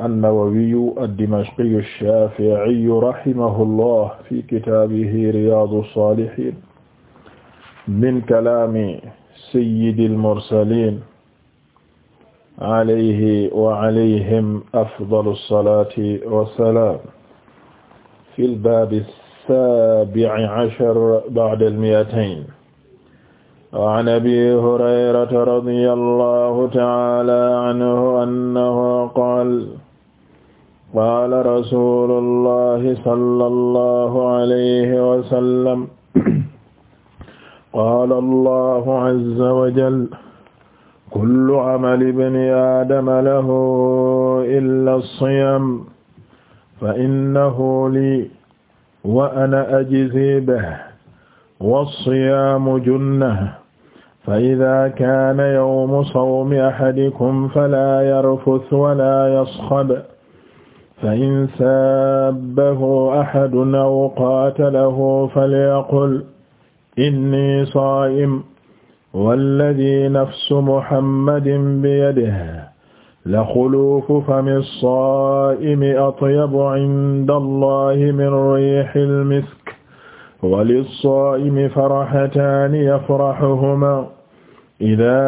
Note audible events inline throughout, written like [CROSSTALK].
an-Nawawiyu ad-Dimashqiyu ash-Shafi'iyu rahimahullah fi kitaabihi Riyaadu as-Saalihiin min kalaami sayyidil mursaliin alayhi wa alayhim afdalu as-salaati wassalaam fil baabi as-saabi'i ashar ba'da al-mi'atayn وعن أبي هريرة رضي الله تعالى عنه أنه قال قال رسول الله صلى الله عليه وسلم قال الله عز وجل كل عمل ابن آدم له إلا الصيام فإنه لي وأنا أجزي به والصيام جنة fa idaa kaana yawmu sawmi ahadikum falaa yarfus walaa yasxab fa in saabbahu ahadun aw qaatalahu falyaqul inni saa'im walladii nafsu muhammadin biyadihi laxuluufu fami saa'imi atyabu inda allahi min riihil misk وللصائم فرحتان يفرحهما إذا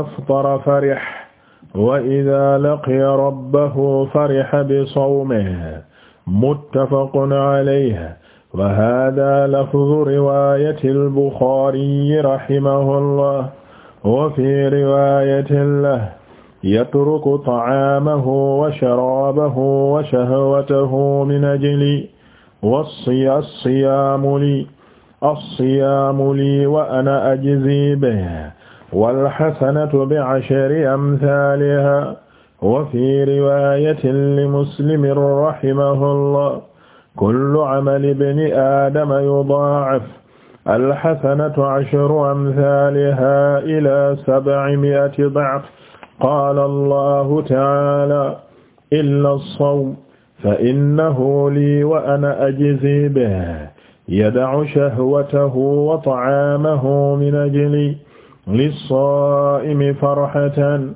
أفطر فرح وإذا لقي ربه فرح بصومه متفق عليه وهذا لفظ رواية البخاري رحمه الله وفي رواية له يترك طعامه وشرابه وشهوته من أجلي wasiya alsiyaamu li alsiyaamu li wa ana ajzi bihi walxasanatu bi'ashri amsaalihaa wa fii riwaayatin limuslimin rahimahullah kullu amali bni aadama yudaa'af alxasanatu ashru amsaalihaa ilaa sab'i mi'ati da'f qaala allahu ta'aalaa illaa as-sawm fa innahu lii wa ana ajzii bihi yada'u shahwatahu wa ta'aamahu min ajlii lissaa'imi farxatan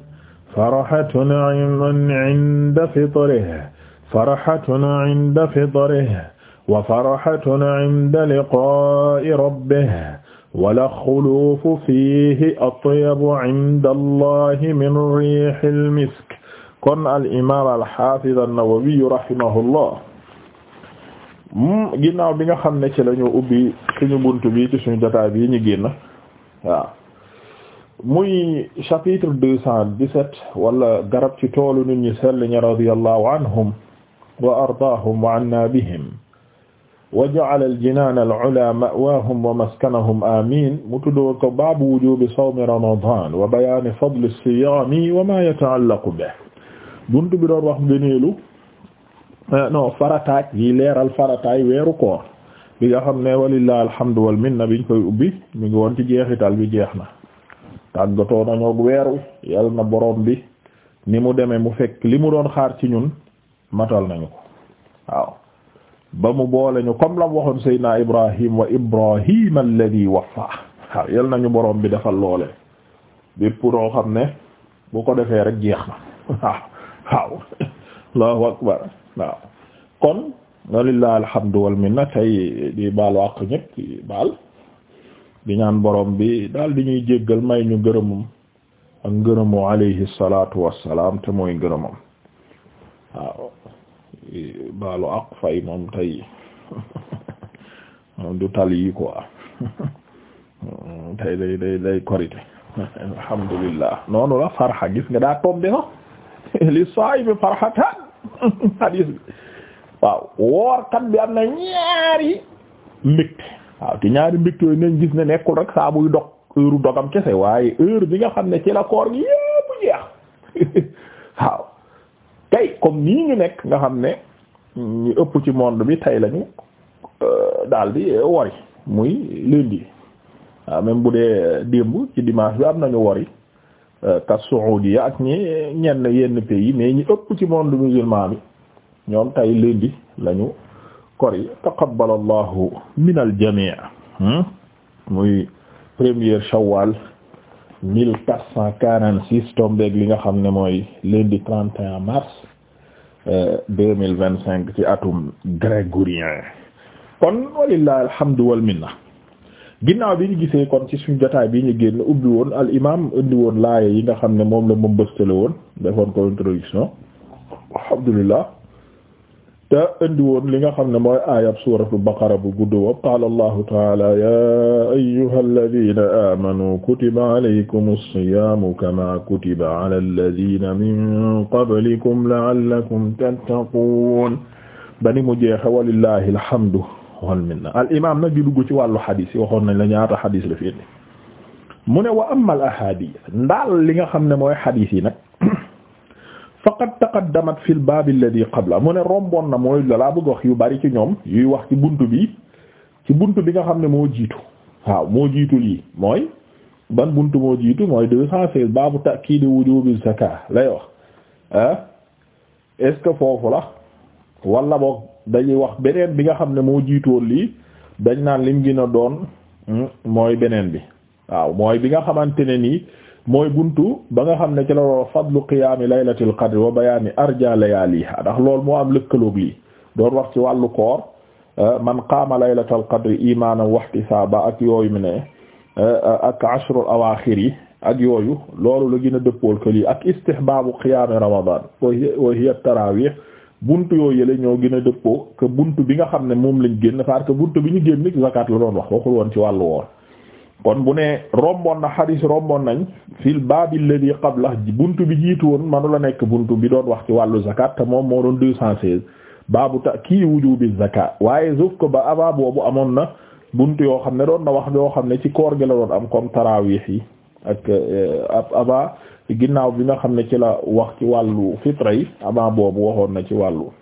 farxatun 'inda fitrihi farxatun 'inda fitrihi wa farxatun 'inda liqaa'i rabbihi wala xuluufu fiihi atyabu 'inda Allaahi min riihil misk kon al imaam al xaafiz an-Nawawi rahimahullah ginnaaw bi nga xam ne ci lañu ubbi suñu bunt bi ci suñu jotaay bi ñu génn waaw muy chapitre deux cent dix-sept wala garab ci toolu nit ñi sell ñi radiyallahu anhum wa ardaahum wa anna bihim wa ja'ala al-jinaan al-'ulaa ma'waahum wa maskanahum amiin mu tuddoo ko baabu wujuubi sawmi ramadaan wa bayaani fadli as-siyaam wa maa yata'allaqu bihi bunt bi doon wax ngëneelu eh, non farataay yi leeral farataay weeru koor bi nga xam ne walillahi alhamdu wal minna biñ koy ubbi mi ngi woon ci jeexital bi jeex na tàggatoo nañoog weer wi yal na boroom bi ni mu demee mu fekk li mu doon xaar ci ñun matal nañu ko waaw ba mu boole ñu comme lam waxoon seydna ibrahim wa ibrahim alladi waffa waaw yal nañu boroom bi defal loole bépp doo xam ne bu ko defee rek jeex na [LAUGHS] waaw [LAUGHS] allahu akbar waaw kon walillahi alhamdu wal minna tey di baal wàq ñëpp baal di ñaan borom bi daal di ñuy jéggal may ñu gërëmam ak ngërëmoo alayhi salatu wassalaam te mooy ngërëmam waaw baalu ak fay moom tey [LAUGHS] du tal yi quoi [LAUGHS] tey day day korite alhamdulillah noonu la farxa gis nga daa tombe sax [LAUGHS] li sahibi farhatan hadis bi waaw woorkat bi am na ñaari mbégte waaw te ñaari mbégte yooyu nañ gis ne nekkul rek saa buy dog heure dogam kese waaye heure bi nga xam ne ci la koor yépp jeex [LAUGHS] waaw tey comme nii ñu nekk nga xam ne ñu ëpp ci monde bi tey lañu euh, daal di wori muy lundi waaw même bu dee démb ci dimanche bi am nañu wori ka Saoudia ak ñi ñenn yenn pays mais ñi ëpp ci monde musulman bi ñoom tay lundi lañu kori taqabbalallahu minal jamii hmm? muy première shawwal mille quatre cent quarante six li nga xam ne mooy lundi trente et un mars euh, deux mille vingt cinq ci atum grégorien kon walillahi alhamdu wal ginnaaw bi ñu gisee kon ci suñu jotaay bi ñu génn ubbi woon al imaam indi woon laaya yi nga xam ne moom la moom bëstale woon defoon ko introduction alhamdulillah te indi woon li nga xam ne mooy aayab suuratu baqara bu gudd wa qaala allahu taala ya ayyuha alladina aamanu kutiba alaykum as-siyaamu kama kutiba ala alladina min qablikum la'allakum tattaquun bani mu jeexe walillahi alhamdu waxoon minna al imaam nag di dugg ci wàllu xadis yi waxoon nañ la ñaata xadis la fi indi mu ne wa am al ahadith ndaal li nga xam ne mooy xadis yi nag [CLEARS THROAT] faqad taqaddamat fi l baab alladhi romboon na mooy lalaa bëgg yu bari ci ñoom yuy wax ci buntu bi ci buntu bi nga xam ne moo jiitu waaw moo jiitu lii mooy ban bunt moo jiitu mooy deux cent seize baabu wu wujuubi zakaa lay wax ah est foofu la wala boog dañuy wax beneen bi nga xam ne moo jiitoon lii dañ naan lim gën a doon hmm, mooy beneen bi waaw mooy bi nga xamante ne nii mooy bunt ba nga xam ne ci la doon fadlu qiyaami laylatil qadr wa bayaani arja layaaliha ndax loolu moo am lëkkaloog lii doon wax ci wàllu koor eh, man qaama laylatal qadr imaanan wahtisaaba ak yooyu mu ne eh, ak ashrul awaaxir yi ak yooyu loolu la gën a dëppool ko lii ak istihbaabu qiyaami ramadaan wa hiya tarawih buntu yoo yële ñoo gën a dëppoo que buntu bi nga xam ne moom lañ génn parce que bunt bi ñu génn zakat la doon wax waxul woon ci wàllu woor kon bu ne romboon na xadis romboon nañ fil baab alladhi qabla bunt bi jiitu woon manu la nekk bunt bi doon wax ci wàllu zakat te moom moo doon deux cent seize baabu ta kii wujubi zakat waaye suuf ko ba avant boobu amoon na buntu yoo xam ne doon na wax yoo xam ne ci koor gi la doon am comme tarawih yi ak euh, aba ginnaaw bi nga xam ne ci la wax ci wàllu fitra yi avant boobu waxoon na ci wàllu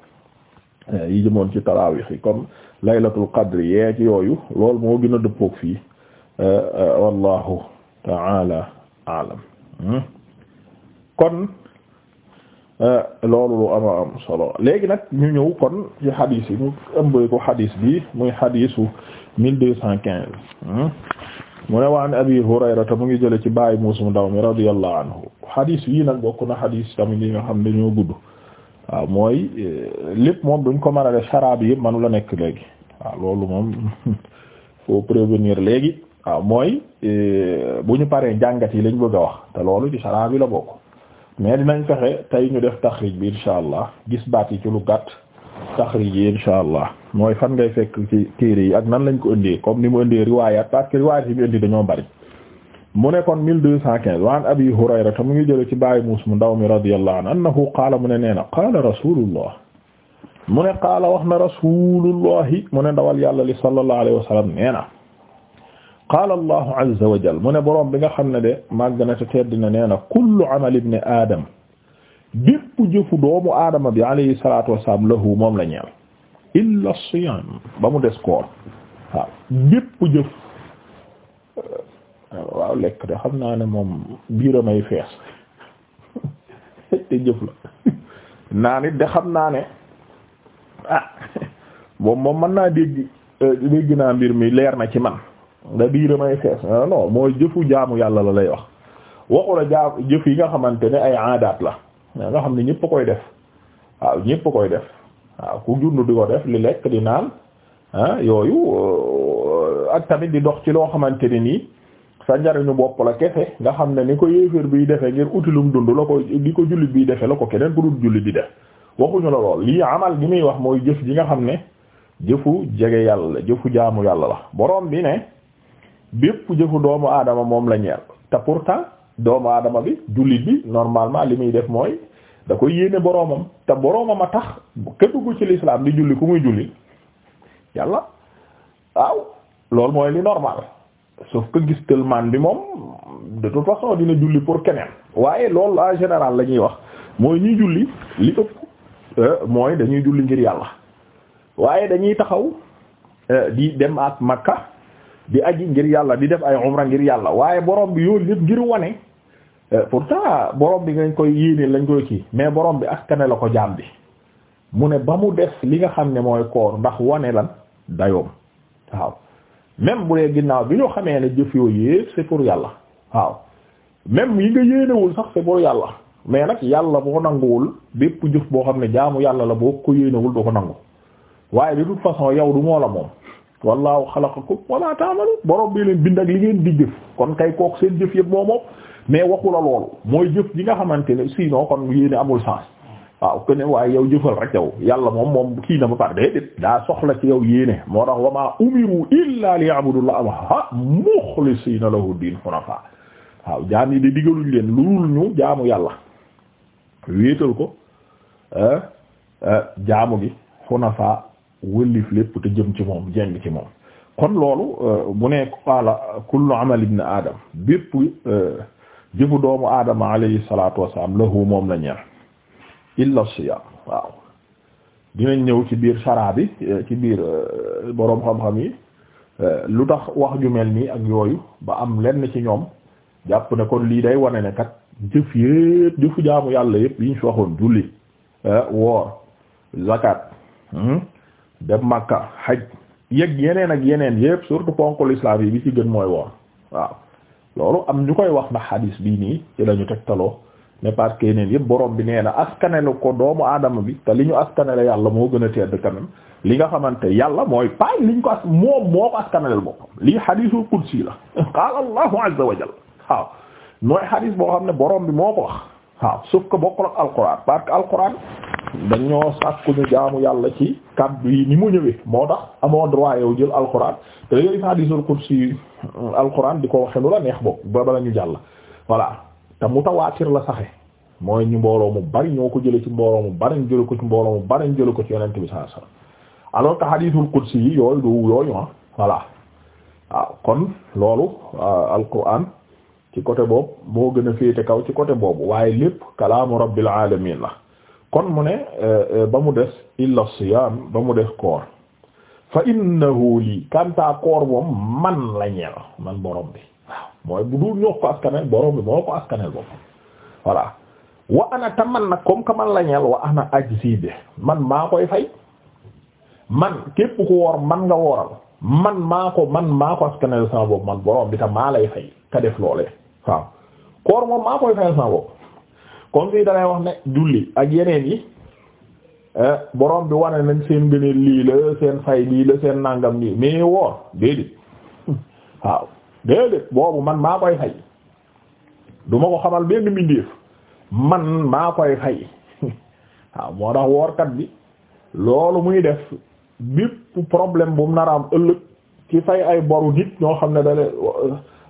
euh, yi jëmoon ci tarawih yi comme laylatul qadri yeeg yooyu loolu moo gën a dëppook fii euh, wallahu taala alam hmm? kon loolu lu ama solo léegi nag ñu ñëw kon ci xadiis yi ñu ëmbee ko xadiis bi muy xadiisu mille deux cent quinze hmm? mu ne waan abi hurayrata mu ngi jële ci bàyyi muus mu ndaw mi radiyallahu anhu hadis yii nag bokk na hadis tamit yi nga xam ne ñoo gudd waaw mooy e, lépp moom duñ ko mën a def sharab yëpp manu nekk léegi waaw loolu moom [LAUGHS] faut prévenir léegi waaw mooy e, bu ñu paree jàngat yi lañ bëgg a wax te loolu ci sharab yi la bokk mais dinañ fexe tey ñu def tax taxrij bi insha allah gis baat yi ci lu gàtt taxrij yi insha allah mooy fan ngay fekk ci téere yi ak nan lañ ko indee comme ni mu indee riwayat parce que riwayat yi bi indi dañoo bari mu ne kon mille deux cent quinze waan abi hurayra mu ngi jële ci bàyyi muus mu ndaw mi radiyallahu anhu annahu qaala mu ne neena na qaala rasulullah mu ne qaala wax na rasulullahi mu ne ndawal yàlla li sallallahu alayhi wa sallam nee na qaala allahu azza wa ne boroom bi nga xam ne de màgg na te tedd na nee na kullu amali ibni bépp jëfu doomu aadama bi alayhi salaatu wassalaam lahu moom la ñeel illa siyam ba mu des koor waaw bépp jëf euh, waaw lekk de xam naa ne moom biiramay fees [LAUGHS] te jëf la [LAUGHS] naa nit de xam naa ne ah [LAUGHS] moom moom man naa dégg euh, dégg naa mbir mi leer na ci man da biiramay fees euh, non mooy jëfu jaamu yàlla la lay wax waxu la jaa jëf yi nga xamante ne ay aadaat la nga xam ne ñëpp koy def waaw ñëpp koy def waaw ku jund di ko def li lekk di naan ah yooyu euh, ak tamit di dox ci loo xamante ne nii sa njariñu bopp la kese nga xam ne ni ko yéeféer biy defee ngir utilum dund la ko di ko julli biy defee la ko keneen ku dul jullit di def waxuñu la lool lii amal gi muy wax mooy jëf ji nga xam ne jëfu jege yàlla la jëfu jaamu yàlla la borom bi ne bépp jëfu doomu aadama moom la ñeel te pourtant doomu aadama bi jullit bi normalement li muy def mooy da ko yéene boroomam te boroomam a tax ke dugg ci l'islam di julli ku muy julli yàlla waaw loolu mooy li normal sauf que gis tëlmaan bi moom de toute façon dina julli pour keneen waaye lool en général la ñuy wax mooy ñuy julli li ëpp euh, mooy dañuy julli ngir yàlla waaye dañuy taxaw euh, di dem ak Makka di aji ngir yàlla di def ay umra ngir yàlla waaye borom bi yooyu yëpp ngir wane pour euh, pourtant borom bi ngañ koy yéene lañ koy kii mais borom bi askane la ko jaam bi mu ne ba mu def li nga xam ne mooy koor ndax wane lan dayoom waaw même bu dee ginnaaw bi ñu xamee ne jëf yooyu yépp c'est pour yàlla waaw même yi nga yéenewul sax c'est pour yàlla mais nag yàlla boo nanguwul bépp jëf boo xam ne jaamu yàlla la boo ko yéenewul doo ko nangu waaye de toute façon yow du moo la moom wallahu xalaqakum wa ma ta'malun borom bi leen bind ak moo mais waxu la loolu mooy jëf ji nga xamante ne sinon kon yéene amul sens waaw que ne waaye yow jëfal rek yow yàlla moom moom kii na ba pare déedéet daa soxla ci yow yéene moo tax wa maa umiru illaa liya'budullaha muxlisiina lahu diin hunafa waaw jaam yi di diggaluñ leen lu ñu jaamu yàlla wéetal ko eh, eh, jaamu gi hunafa wëllif lépp te jëm ci moom jeng ci moom kon loolu bu eh, nekk qaala kullu amal ibn adam bépp jëfu doomu aadama alayhi salaatu wassalaam lahu moom la ñeel illa siyaam waaw dinañ ñëw ci biir saraa bi ci biir euh, boroom xam-xam yi euh, lu tax wax ju mel nii ak yooyu ba am lenn ci ñoom jàpp ne kon lii day wane ne kat jëf yépp jëfu jaamu yàlla yépp yi ñu fi waxoon julli euh, woor zakat hmm, dem makka haj yëg yeneen ak yeneen yépp surtout ponk l'islam yi bi ci gën mooy woor waaw loolu am ñu koy wax na xadiis bii nii ci lañu tegtaloo ne parce que neen yëpp borom bi nee na askanelu ko doomu aadama bi te li ñu askanele yàlla moo gën a tedd kanam li nga xamante yàlla mooy paay liñ ko as moom moo ko askanelel boppam lii xadiisul qudsi la [LAUGHS] qaala allahu azza wa jalla waaw mooy xadiis boo xam ne boroom bi moo ko wax waaw sauf que bokkul al alquran parce que alquran dañoo sàkku ñu jaamu yàlla ci kaddu yi ni mu ñëwee moo tax amoo droit yow jël alquran te da ngay gis hadiisul kursi alquran di ko waxe lu la neex bokk ba bala ñu jàll. voilà te mutawaatir la saxe mooy ñu mbooloo mu bari ñoo ko jëlee ci mbooloo mu bari ñu jëlee ko ci mbooloo mu bari ñu jëlee ko ci yonent bi saa alayhi wasallam alors que hadiisul kursi yi yooyu du yooyu ah voilà waaw kon loolu euh, alquran ci côté boobu moo gën a féete kaw ci côté boobu waaye lépp kalaamu rabbil alamin la. kon mu ne euh, euh, ba mu des illa siyaam ba mu des koor fa innahu lii kantaa koor moom man la man borom bi waaw mooy bu dul ñoo ko askaneel borom bi moo ko askaneel bopp voilà wa ana ta man nag comme que man la ñeel wa ana ajzi bi man maa koy fay man képp ku woor man nga wooral man maa ko man maa ko askaneel sama bopp man borom bi ta maa lay fay ka def loolee waaw koor moom maa koy fayal sama bopp kon fii dalay wax ne julli ak yeneen yi borom bi wane nañ seen gëneel lii la seen fay lii la seen nangam lii mais woor déedéet waaw déedéet boobu man maa koy fay du ma ko xamal benn mbindeef man maa koy fay waaw moo tax woorkat bi loolu muy def bépp problème bu mu nar am ëllëg ci fay ay boru nit ñoo xam ne dale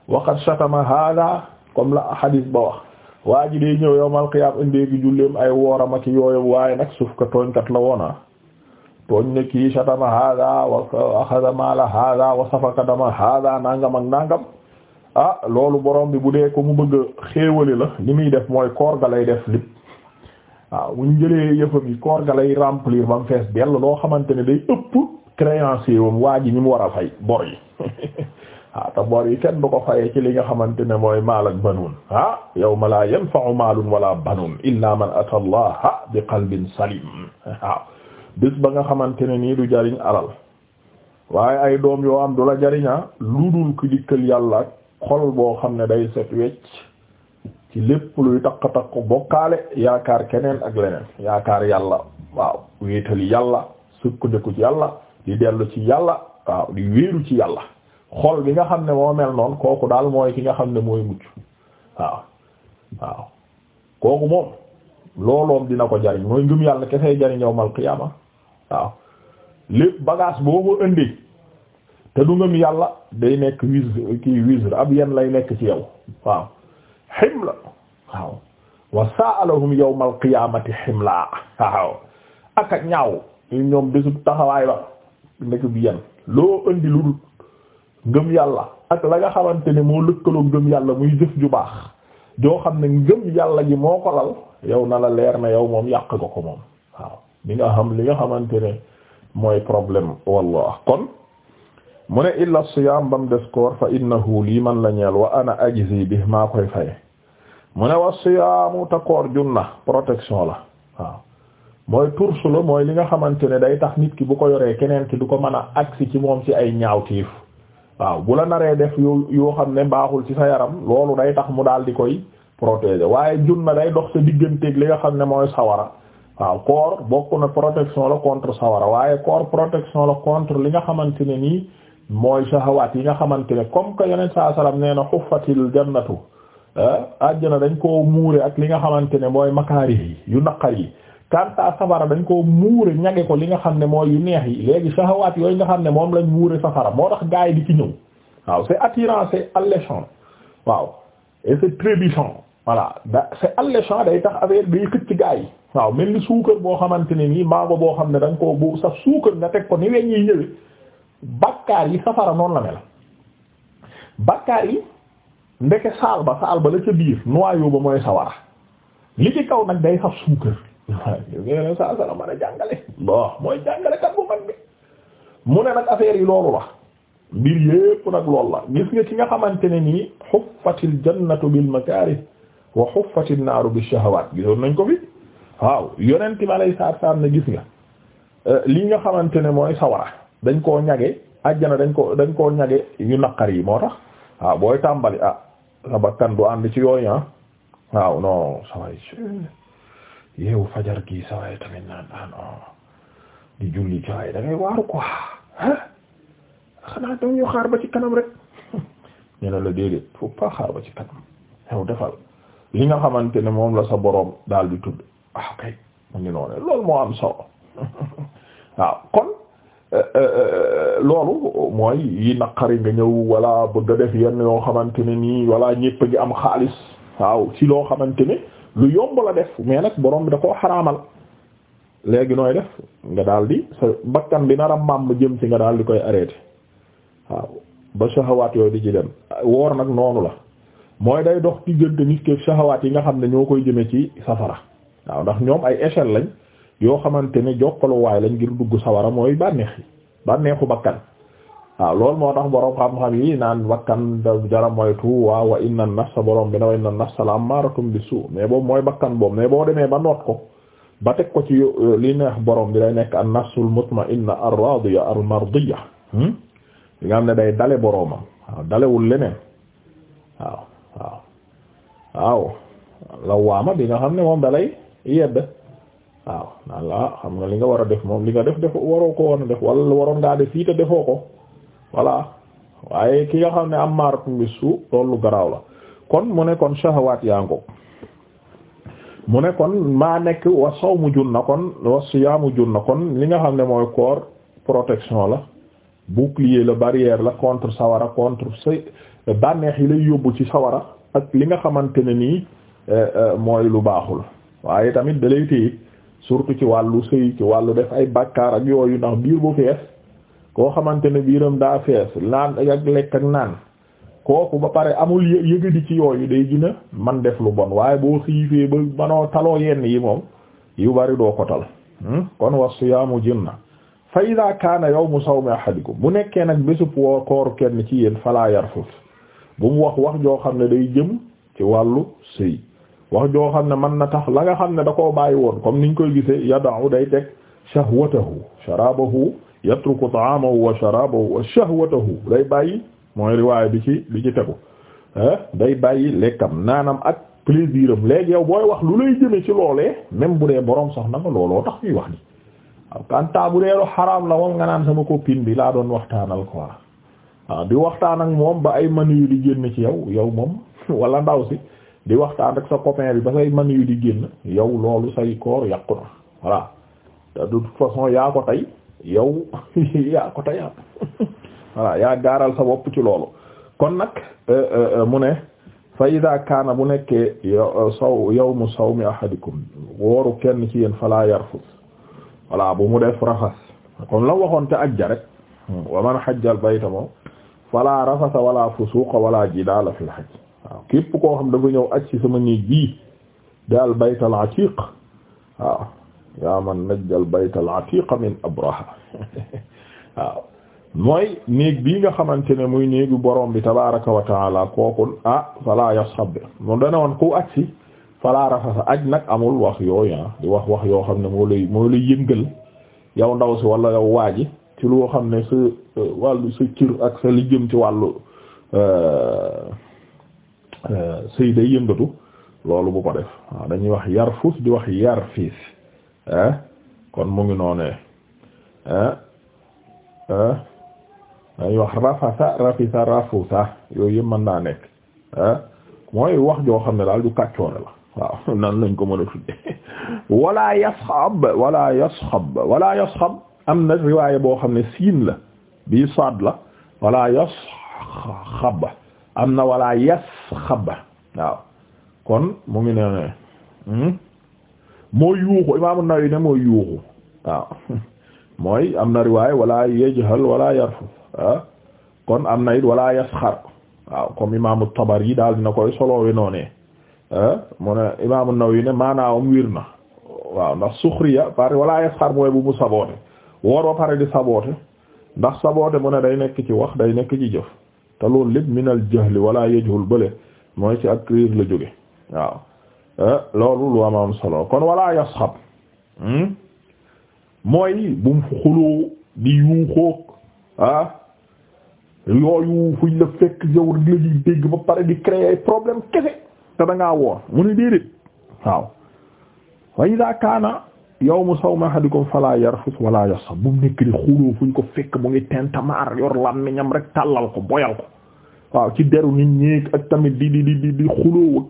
waqat shatama hada comme la hadis ba wax waa ji day ñëw yow mal xiyaam indeegi julleem ay wooram ak yooyu waaye nag suuf ka tooñkat la woona ah. tooñ ne kii satama hada wa axada mala hada wa safaka dama hada ak nangam ah loolu borom bi bu dee ko mu bëgg a la li muy def mooy koor ga lay def lépp waaw bu ñu jëlee yëfam yi koor ga lay remplir ba mu fees dell loo xamante ne day ëpp créancier waa ji ñi mu war a fay bor yi [LAUGHS] voilà te bor kenn du fayee ci li nga xamante ne mooy maal ak banuun ah yawma laa yanfa'u maalun wala banuun illaa man ata allaha bi qalbin salim waaw ba nga xamante ne nii du jariñ alal waaye ay doom yoo am du la jariñaa lu dul ki dikkal yàlla ak boo xam ne day set wecc ci lépp luy takk-takk bokkaale yaakaar keneen ak leneen yaakaar yàlla waaw wéetali yàlla sukkandiku ci yàlla di dellu ci yàlla waaw di wéeru ci yàlla xol bi nga xam ne moo mel noonu kooku daal mooy ki nga xam ne mooy mucc waaw waaw kooku moom looloom dina ko jariñ mooy ngëm yàlla kese jariñ yawmal qiyaama waaw lépp bagage indi te du ngëm yàlla day nekk wizr kii lay nekk ci yow waaw ximla waaw wa ak ak ñaaw ñoom bésub taxawaay ba nekk bi yen loo indi lu ngëm yàlla ak la nga xamante ne moo lëkkaloo ngëm yàlla muy jëf ju baax joo xam ne ngëm yàlla ji moo ko lal yow na la leer na yow moom yàq ko ko moom waaw li nga xam li nga xamante ne mooy problème wallah kon mu ne illa siyam bam des koor fa innahu lii man la ñeel wa ana ajzi bi maa koy faye mu ne wa siyaamu ta koor junna protection la waaw mooy tursu la mooy li nga xamante ne day tax nit ki bu ko yoree keneen ki du ko mën a agsi ci moom ci ay ñaawteef waaw bu la naree def yoo yoo xam ne baaxul ci sa yaram loolu day tax mu daal di koy protéger waaye jun na day dox sa digganteeg li nga xam ne mooy sawara waaw koor bokk na protection la contre sawara waaye koor protection la contre li nga xamante ne nii mooy sahawaat yi nga xamante ne comme que yeneen saa salaam nee na xuffatil jannatu ah, àjjana dañ koo muure ak li nga xamante ne mooy makaari yi yu naqar yi kanta safara dañ koo muure ñage ko li nga xam ne mooy yu neex yi léegi saxawaat yooyu nga xam ne moom lañ muure safara moo tax gaay di ci ñëw waaw c'est attirant c'est alléchant waaw et c'est trébuchant voilà da c'est alléchant day tax affaire day xëcc gaay yi waaw mel ni suukar boo xamante ne nii mango boo xam ne dañ koo bu sax suukar nga teg ko ni weñ yi ñëwee bakkaar yi safara noonu la mel bakkaar yi ndeke saal ba saal ba la ca biir noyau ba mooy sawara li ci kaw nag day sax suukar waaw [LAUGHS] saa saa jàngale bon mooy jàngalekat bu mag bi mu ne nag affaire yi loolu la mbir yépp nag loolu la gis nga ci nga xamante ne nii xuffatil jannatu bil makaarih wa xuffatil naaru bi shahawaat gisoon ko fi waaw yonent gis nga euh, li nga xamante ne mooy sawara dañ koo ñage ajjana dañ ko dañ koo ñage yu naqar yi moo tax booy tàmbali ah sa bakkan ci yooyu ah waaw non yeewu fajar kii sawaay tamit naan naan oh, di julli sawaay da ngay waaru quoi ah xanaa doon ñu xaar ba ci kanam rek [LAUGHS] ñu ne la déedéet faut pas xaar ba ci kanam yow defal li nga xamante ne moom la sa boroom daal di tudd ah kay mu ngi noonu loolu moo am solo [LAUGHS] waaw kon euh, euh, euh, loolu mooy yi naqari nga ñëw walla bëgg a def yenn yoo xamante ne nii walla ñépp a ngi am xaalis waaw ci loo xamante ne lu yomb la def mais nag borom bi da koo xaraamal léegi nooy def nga daal di sa bakkan bi nar a màmm jëm ci nga daal di koy arrêté waaw ba saxawaat yooyu di ci dem woor nag noonu la mooy day dox diggante nit ki saxawaat yi nga xam ne ñoo koy jëme ci safara waaw ndax ñoom ay échelle lañ yoo xamante ne jokkaluwaay lañ ngir dugg sawara mooy bànneex yi bànneexu bakkan waaw lool moo tax borom xam-xam yi naan bakkan da jara moytu waaw wa inna nafsa boroom bi na wa inna nafsa la amaratum bi suu mais boobu mooy bakkan boobu mais boo demee ba noot ko ba teg ko ci euh, li neex boroom bi day nekk a nafsul mutma'inna a radiya al-mardiya hmm? li nga xam ne day dale boromam waaw dalewul leneen waaw waaw waaw lawaama bi nga xam ne moom dalay yedd waaw naan la ah, xam nga li nga war a def moom li nga def def waroo ko woon a def wala waroon ngaa def fii te defoo ko voilà waaye ki nga xam ne am maaratum bi suu garaaw la kon mu ne kon shahawaat yaa ngoog mu ne kon maa nekk wa sawmu junna kon wa siyaamu junna kon li nga xam ne mooy koor protection la bouclier la barrière la contre sawara contre say bànneex yi lay yóbbu ci sawara ak li nga xamante ne nii eh, eh, mooy lu baaxul waaye tamit da lay surtout ci wàllu sëy ci wàllu def ay bàkkaar ak yooyu ndax biir bu fees koo xamante ne biiram daa fees laan ak lekk ak naan kooku ba pare amul yëgadi ci yooyu day gina man def lu bon waaye boo xiifee ba manoo taloo yenn yi moom yu bari doo ko tal hmm? kon wa siyaamu jinna fa ida kaana yawmu sawmi ko bu nekkee nag bésub woo kooru kenn ci yéen falaa yarfus bu mu wax wax joo xam ne day jëm ci wàllu sëy wax joo xam ne mën na tax la nga xam ne da koo bàyyi woon comme niñ koy gisee yada'u day teg shahwatahu sharabahu yatruku ta'amahu wa sharabahu wa shahwatahu day bàyyi mooy riwaay bi ci li ci tegu eh? day bàyyi lekkam naanam ak plaisir am léegi yow booy wax lu lay jëme ci loolee même bu dee borom soxna nga looloo tax ñuy wax ni waaw kantaa bu dee lu xaraam la moom nga naan sama copine bi laa doon waxtaanal quoi waaw di waxtaan ak moom ba ay mën yu di génn ci yow yow moom [LAUGHS] wala ndaw si di waxtaan rek sa copain bi ba say mën yu di génn yow loolu say koor yàqu na voilà de toute façon yaa ko tey yow [LAUGHS] yaa ko tayam [LAUGHS] voilà yaa gaaral sa bopp ci loolu kon nag euh, euh, euh, mu ne fa ida kaana bu nekkee saw mu sawmi ahadikum wooru kenn ci yéen fala yarfus voilà bu mu def rafas kon la waxoon te ajja rek hmm, wa man hajjal bayta moom fala rafasa wala fusuqa wala jidaala fil hajj waaw képp koo xam dafa ñëw aj ci sama néeg bii daal baytal atiq waaw yaa man najjal baytal atiqa min abraha waaw mooy néeg bii nga xamante ne muy néegu borom bi tabaraka wa taala kooku ah fala yasxab bi mu dana woon ku agsi fala rafasa aj nag amul wax yooyu ah, di wax wax yoo xam ne moo lay moo lay yëngal yow ndaw si wala yow waaji ci loo xam ne sa euh, wàllu sa ak sa li ci wàllu euh, euh, sëy day yëngatu loolu bu ko def waaw dañuy wax yarfus di wax yarfiis ah kon mu ngi noonee ah ah eh? ay wax rafasa rafisa rafusa man naa nekk ah mooy wax joo xam ne daal du kàccoore la waaw [LAUGHS] nan lañ ko mën a tudde [LAUGHS] wala yasxab wala am na riwaaya boo xam ne siin la bii saad la wala yasxab am na wala yasxab waaw kon mu ngi noonee hmm? moo yuuxu imaamu Nawawi ne moo yuuxu waaw [LAUGHS] mooy am na riwaay wala yajhal wala yarfu ah kon am na it wala yasxar waaw comme imaamu Tabari daal dina koy solo noonee ah mu ne imaamu Nawawi ne maanaawam wir na waaw ndax suxriya pare wala yasxar mooy bu mu saboote woor ba pare di saboote ndax saboote mu ne day nekk ci wax day nekk ci jëf te loolu lépp minal jahli wala yajhul bële mooy ci ak riir la jóge waaw Eh, loolu lu am solo kon wala yasxab hmm? mooy bu mu xuloo di yuuxoo ah? yooyu fuñ la fekk yow rek la ñuy dégg ba pare di créer ay problème kese te da woor mu ne déedéet waaw wa iza kaana yawmu sawmi ahadikum fala yarfus wala yasxab bu mu nekk di xuloo fuñ ko fekk mu ngi tentamaar yor làmmiñam rek tàllal ko boyal ko waaw ci deru nit ñéeg ak tamit di di di di xuloo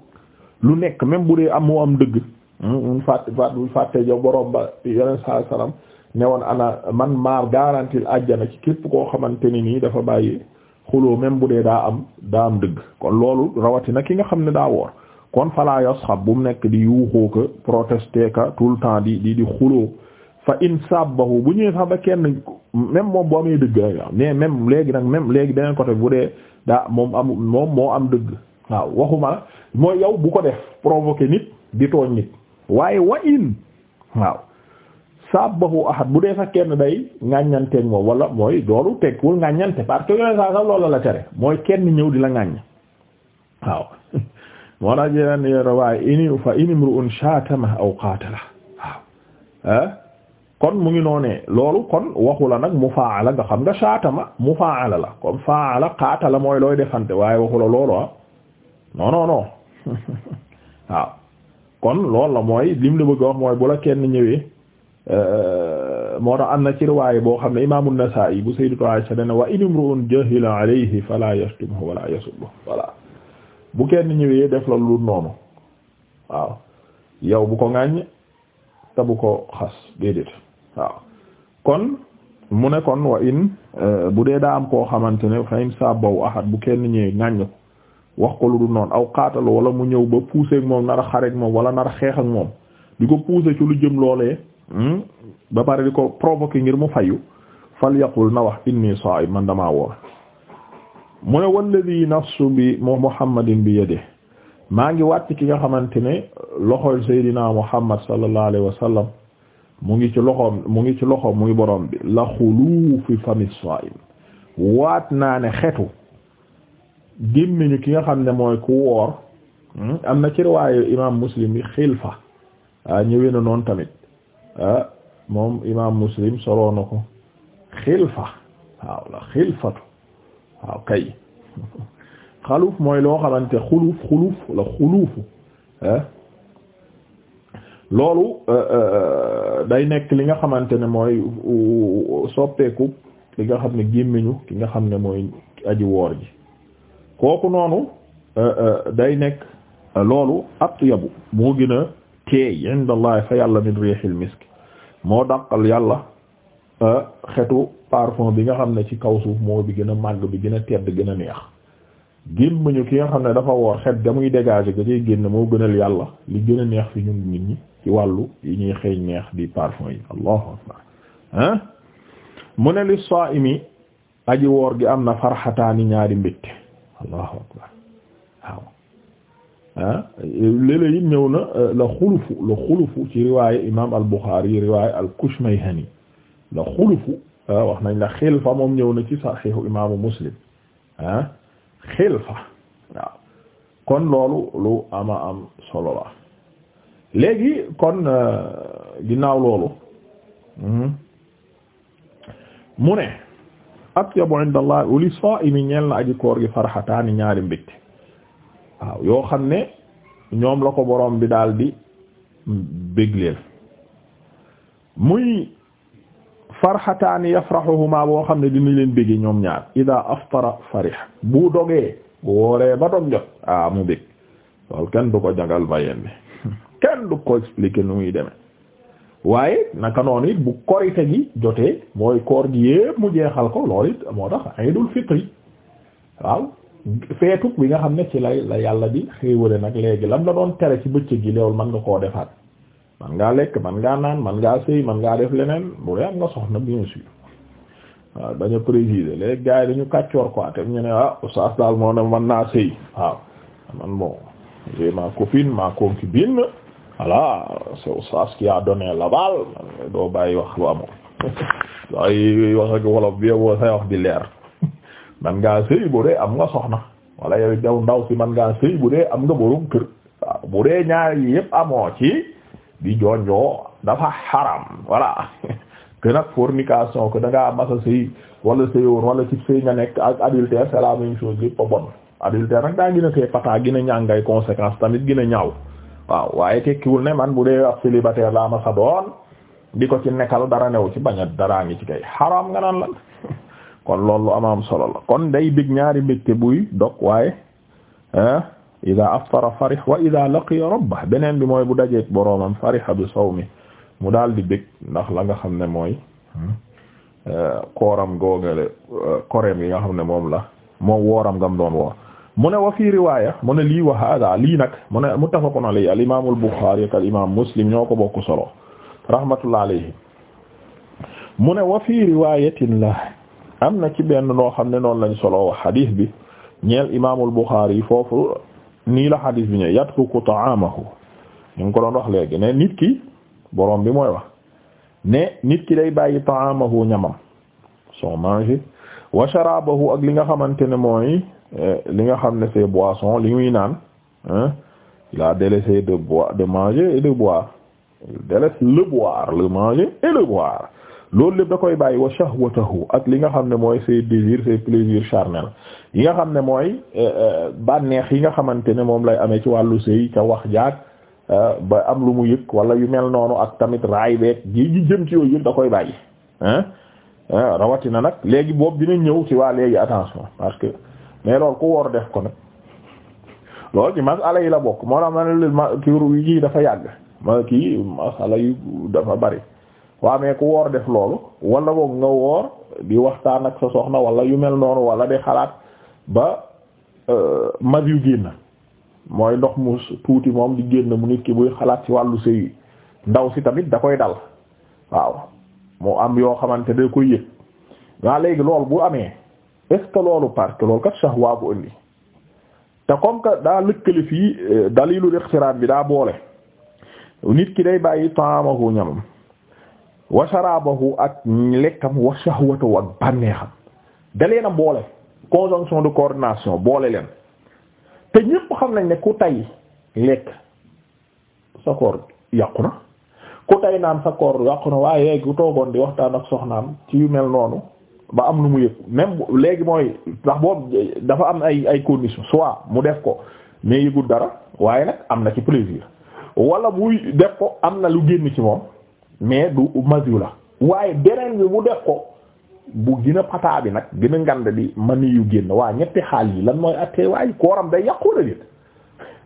lu nekk même bu dee am moo am dëgg hmm, fàtt fàtt bu fàttee ja borom ba yeneen saa salaam ne woon ana man maar garantil àjjana ci képp koo xamante ni nii dafa bàyyi xuloo même bu dee daa am daa am dëgg kon loolu rawatina ki nga xam ne daa woor kon falaa xam bu mu nekk di yuuxoo ko protester ka tout le temps di di di xuloo fa in sabbahu bu ñëwee sax ba kenn même moom bu amee dëgg mais même léegi nag même léegi beneen côté bu dee daa moom am moom moo am dëgg waaw waxuma mooy yow bu ko def provoquer nit di tooñ nit waaye wa in waaw sabahu ahad bu dee sax kenn day ŋàññanteeg moom wala mooy doolu teg wul ŋàññante parce que yoneen saa sax loola la tere mooy kenn ñëw di la ŋàññ waaw [LAUGHS] moo tax yeneen yore waaye ini fa in imru'un shatama aw qatala waaw eh? kon mu ngi noonee loolu kon waxu la nag mufaala nga xam nga shatama mufaala la kon kaata la mooy looy defante waaye waxu la loolu ah. non waaw [LAUGHS] ah. kon lool la mooy lim la bëgg wax mooy bu la kenn ñëwee euh, moo tax am na ci boo xam ne imaamu Nasaa'i bu Sayyidatu Aisha dana wa in imru'un jahila alayhi fala yashtumhu wala yasubbu voilà bu kenn ñëwee def la lu noonu waaw yow bu ko ŋàññ te bu ko xas déedéet waaw kon mu ne kon wa in euh, bu dee daa am koo xamante ne fa in sabaw ahad bu kenn ñëwee ŋàññ wax ko lu du noonu aw xaatal wala mu ñëw ba pousser moom nar a xare moom wala nar a xeex ak moom di ko pousser ci lu jëm loolee hmm, ba pare di ko ki ngir mu fayu fal yaqul na wax inni saa'im man dama woor mu ne walladi nafsu bi mu muhammadin bi yadihi maa ngi wàcc ki nga xamante ne loxol seydina muhammad sallallahu alayhi wa mu ngi ci loxoom mu ngi ci loxoom muy borom bi la xuluufi fami saa'im waat naa ne xetu gémmiñu ki nga xam ne mooy ku woor hmm, am na ci riwaayu imaam muslim bi xilfa ah ñëwee na noonu tamit ah moom imaam muslim soloo na ko xilfa waaw la xilfatu waaw kay [LAUGHS] xaluf mooy loo xamante xuluf xuluf la xulufu ah, loolu eh, eh, day nekk li nga xamante ne mooy soppeeku li nga xam ne gémmiñu ki nga xam ne mooy aji woor ji. kooku noonu euh, euh, day nekk euh, loolu atyabu moo gën a teey inda allah fa yàlla min riihil misk moo dàqal yàlla xetu parfum bi nga xam ne ci kaw suuf moo bi gën a màgg bi gën a tedd gën a neex gémmañu ki nga xam ne dafa woor xet ga muy dégager ga cay génn moo gënal yàlla li gën a neex fi ñun nit ñi ci wàllu yi ñuy xëeñ neex di parfum yi allahu akbar ah mu ne li saa'imi aji woor gi am na farxataani ñaari mbégte allahu ah, ñëw na euh, la xulufu la xulufu ah, xilfa moom ñëw na ci saxiixu imaamu Muslim ah, xilfa kon loolu lu ama am solo la léegi kon euh, ginnaaw loolu hmm, mu atyabu inda allah uli saimi ñeel na aji koor gi farxataani ñaari mbégte yoo xam ne ñoom la ko borom bi daal di bégleel muy farxataani yafraxuhuma boo xam ne dina leen bége ñoom ñaar ida aftara farix bu dogee wooree ba dog jot ah mu bég loolu kenn du ko jagal ba yenn [LAUGHS] kenn du ko expliquer nu muy demee waaye naka noonu it bu korite gi jotee mooy koor gi yépp mu jeexal ko loolu it moo tax Aydul Fitri waaw feetuk bi nga xam ne ci la yàlla bi xéewale nag léegi lam la doon tere ci bëccëg gi loolu mën nga koo defaat man ngaa lekk man ngaa naan man ngaa sëy man ngaa def leneen bu dee am nga soxna bien sûr waaw dañu préciser léegi gars yi dañu kàccoor quoi te ñu ne ah oustaz daal moo ne mën naa sëy waaw man bon j'ai ma copine ma concubine voilà c'est oustaz qui a donné la balle doo bàyyi wax lu amul waaye wax bi di leer man ngaa sëy bu dee am nga soxna wala yow jaw ndaw si man ngaa sëy bu dee am nga borom kër waaw bu dee ñaar yi yëpp amoo ci di jonjoo dafa xaram voilà que nag fornication que da ngaa masa sëy wala sëyoon wala ci sëy nga nekk ak adultère c'est la même chose lépp a bon adultère nag daa gën a tee pataa gën a ñàngay conséquence tamit gën a ñaaw waaw waaye tekkiwul ne man bu dee ab célibataire laa ma sa doon di ko ci nekkal dara new ci baña daraa ngi ci kay xaraam nga naan lan [LAUGHS] kon loolu am am solo la kon day bég ñaari mbégte buy dog waaye ah, ida aftara farih wa ida laqiya rabbah beneen bi mooy bu dajeek boroomam fariha bi mi mu daal di bég ndax la nga xam ne mooy hmm, eh, kooram googale eh, koreem yi nga xam ne moom la moom wooram ngam doon woor mu ne wa fi riwaya mu ne lii wa hada lii nag mu ne muttafaqun alayhi al imam al bukhari ak al imam muslim ñoo ko bokk solo rahmatullah alayhi mu ne wa fii riwayatin la am na ci benn noo xam ne noonu lañ solo wa hadith bi ñeel imam al bukhari foofu nii la hadith bi ñëw yatruku ta'amahu ñu ngi ko doon wax léegi ne nit ki borom bi mooy wax ne nit ki day bàyyi ta'amahu ñamam son manger wa sharabahu ak li nga xamante ne mooy Euh, li nga xam ne c'est boisson li muy naan il a de boire de manger et de boire il délaisse le boire le manger et le boire loolu lépp da koy bàyyi wa shahwatahu ak li nga xam ne mooy ses désirs ses plaisirs charnels yi nga xam ne mooy euh, euh, bànneex yi nga xamante ne moom lay amee ci wàllu sëy ca wax jaag ba am lu mu yëg wala yu mel noonu ak tamit raay beeg gi jëm ci yooyu da koy bàyyi rawatina nag léegi boobu dina ñëw ci waa léegi attention parce que mais loolu ku woor def ko nag loolu ci masala yi la bokk moo tax ma ne leen ma kii dafa yàgg ma kii masala yi dafa bari waaw mais ku woor def loolu walla boog nga woor di waxtaan ak sa soxna wala yu mel noonu wala de xalaat ba euh, mag yu génn mooy ndox mu tuuti moom di génn mu nit ki buy xalaat ci wàllu sëy ndaw si tamit da koy dal waaw mu am yoo xamante da koy yëg waa léegi loolu bu amee est-ce que loolu parce que loolu kat shahwa ko indi te comme que daa lëkkali fii euh, dalilul ixtiraat bi daa boole nit ki day bàyyi taamahu ñamam wa sharabahu ak lekkam wa shahwatahu ak bànneexam dalee na boole conjonction de coordination boole leen te ñépp xam nañ ne ku tay lekk sa koor yàqu na ku tay naan sa koor yàqu na waaye ku toogoon di waxtaan ak soxnaam ci yu mel noonu ba am lu mu yëg même léegi mooy ndax boobu dafa am ay ay conditions soit mu def ko mais yëgul dara waaye nag am na ci plaisir wala muy def ko am na lu génn ci moom mais du masiw la waaye deneen bi mu def ko bu gën a pataa bi nag gën a ngande bi mën yu génn waa ñetti xaal yi lan mooy attee waaye kooram day yàqu la